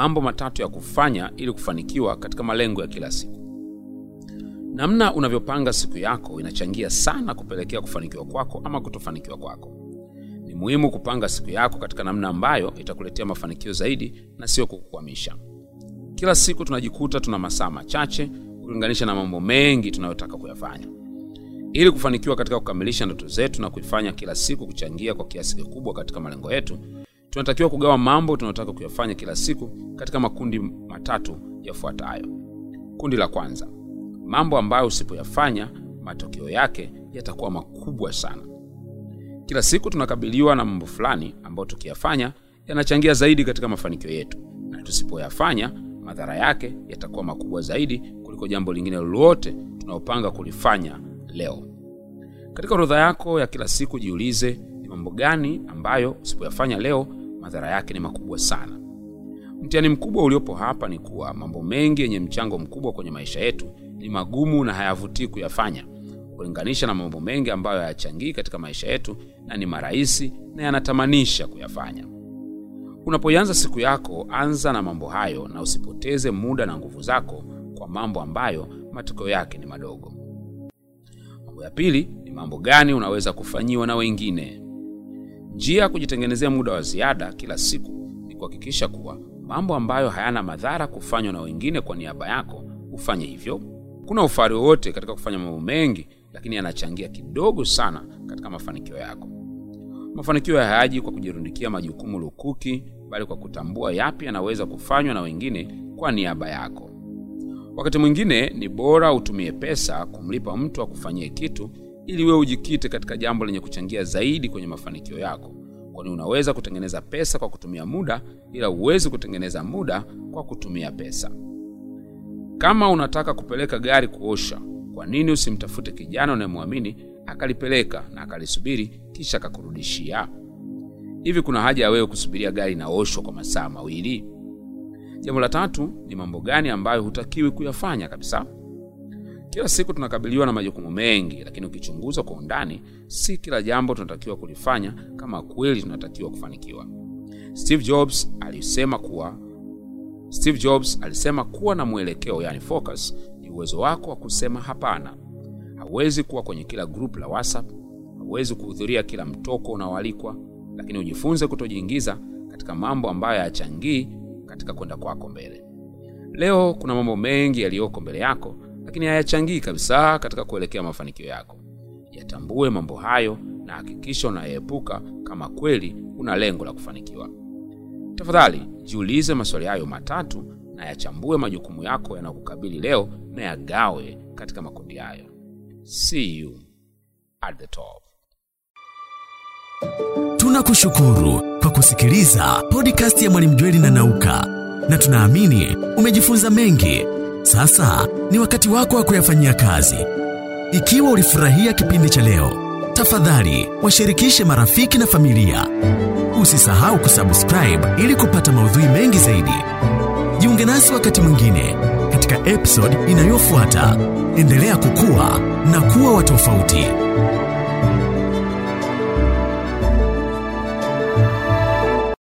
mambo matatu ya kufanya ili kufanikiwa katika malengo ya kila siku. Namna unavyopanga siku yako inachangia sana kupelekea kufanikiwa kwako ama kutofanikiwa kwako. Ni muhimu kupanga siku yako katika namna ambayo itakuletea mafanikio zaidi na sio kukukwamisha. Kila siku tunajikuta tuna masaa machache kulinganisha na mambo mengi tunayotaka kuyafanya. Ili kufanikiwa katika kukamilisha ndoto zetu na kuifanya kila siku kuchangia kwa kiasi kikubwa katika malengo yetu, tunatakiwa kugawa mambo tunayotaka kuyafanya kila siku katika makundi matatu yafuatayo kundi la kwanza mambo ambayo usipoyafanya matokeo yake yatakuwa makubwa sana kila siku tunakabiliwa na mambo fulani ambayo tukiyafanya yanachangia zaidi katika mafanikio yetu na tusipoyafanya madhara yake yatakuwa makubwa zaidi kuliko jambo lingine lolote tunaopanga kulifanya leo katika orodha yako ya kila siku jiulize ni mambo gani ambayo usipoyafanya leo madhara yake ni makubwa sana mtihani mkubwa uliopo hapa ni kuwa mambo mengi yenye mchango mkubwa kwenye maisha yetu ni magumu na hayavutii kuyafanya kulinganisha na mambo mengi ambayo hayachangii katika maisha yetu na ni marahisi na yanatamanisha kuyafanya unapoianza siku yako anza na mambo hayo na usipoteze muda na nguvu zako kwa mambo ambayo matokeo yake ni madogo mambo ya pili ni mambo gani unaweza kufanyiwa na wengine Njia ya kujitengenezea muda wa ziada kila siku ni kuhakikisha kuwa mambo ambayo hayana madhara kufanywa na wengine kwa niaba yako hufanye hivyo. Kuna ufahari wowote katika kufanya mambo mengi, lakini yanachangia kidogo sana katika mafanikio yako. Mafanikio hayaji kwa kujirundikia majukumu lukuki, bali kwa kutambua yapi yanaweza kufanywa na wengine kwa niaba yako. Wakati mwingine ni bora utumie pesa kumlipa mtu akufanyie kitu ili wewe ujikite katika jambo lenye kuchangia zaidi kwenye mafanikio yako kwani unaweza kutengeneza pesa kwa kutumia muda ila huwezi kutengeneza muda kwa kutumia pesa kama unataka kupeleka gari kuosha kwa nini usimtafute kijana unayemwamini akalipeleka na akalisubiri kisha akakurudishia hivi kuna haja ya wewe kusubiria gari inaoshwa kwa masaa mawili jambo la tatu ni mambo gani ambayo hutakiwi kuyafanya kabisa kila siku tunakabiliwa na majukumu mengi, lakini ukichunguza kwa undani, si kila jambo tunatakiwa kulifanya kama kweli tunatakiwa kufanikiwa. Steve Jobs alisema kuwa Steve Jobs alisema kuwa na mwelekeo, yani focus, ni uwezo wako wa kusema hapana. Hauwezi kuwa kwenye kila group la WhatsApp, hauwezi kuhudhuria kila mtoko unaoalikwa, lakini ujifunze kutojiingiza katika mambo ambayo hayachangii katika kwenda kwako mbele. Leo kuna mambo mengi yaliyoko mbele yako lakini hayachangii kabisa katika kuelekea mafanikio yako yatambue mambo hayo na hakikisha unayoepuka kama kweli una lengo la kufanikiwa tafadhali jiulize maswali hayo matatu na yachambue majukumu yako yanayokukabili leo na yagawe katika makundi hayo see you at the top tunakushukuru kwa kusikiliza podcast ya mwalimu jweli na nauka na tunaamini umejifunza mengi sasa ni wakati wako wa kuyafanyia kazi. Ikiwa ulifurahia kipindi cha leo, tafadhali washirikishe marafiki na familia. Usisahau kusubscribe ili kupata maudhui mengi zaidi. Jiunge nasi wakati mwingine katika episode inayofuata. Endelea kukuwa na kuwa wa tofauti.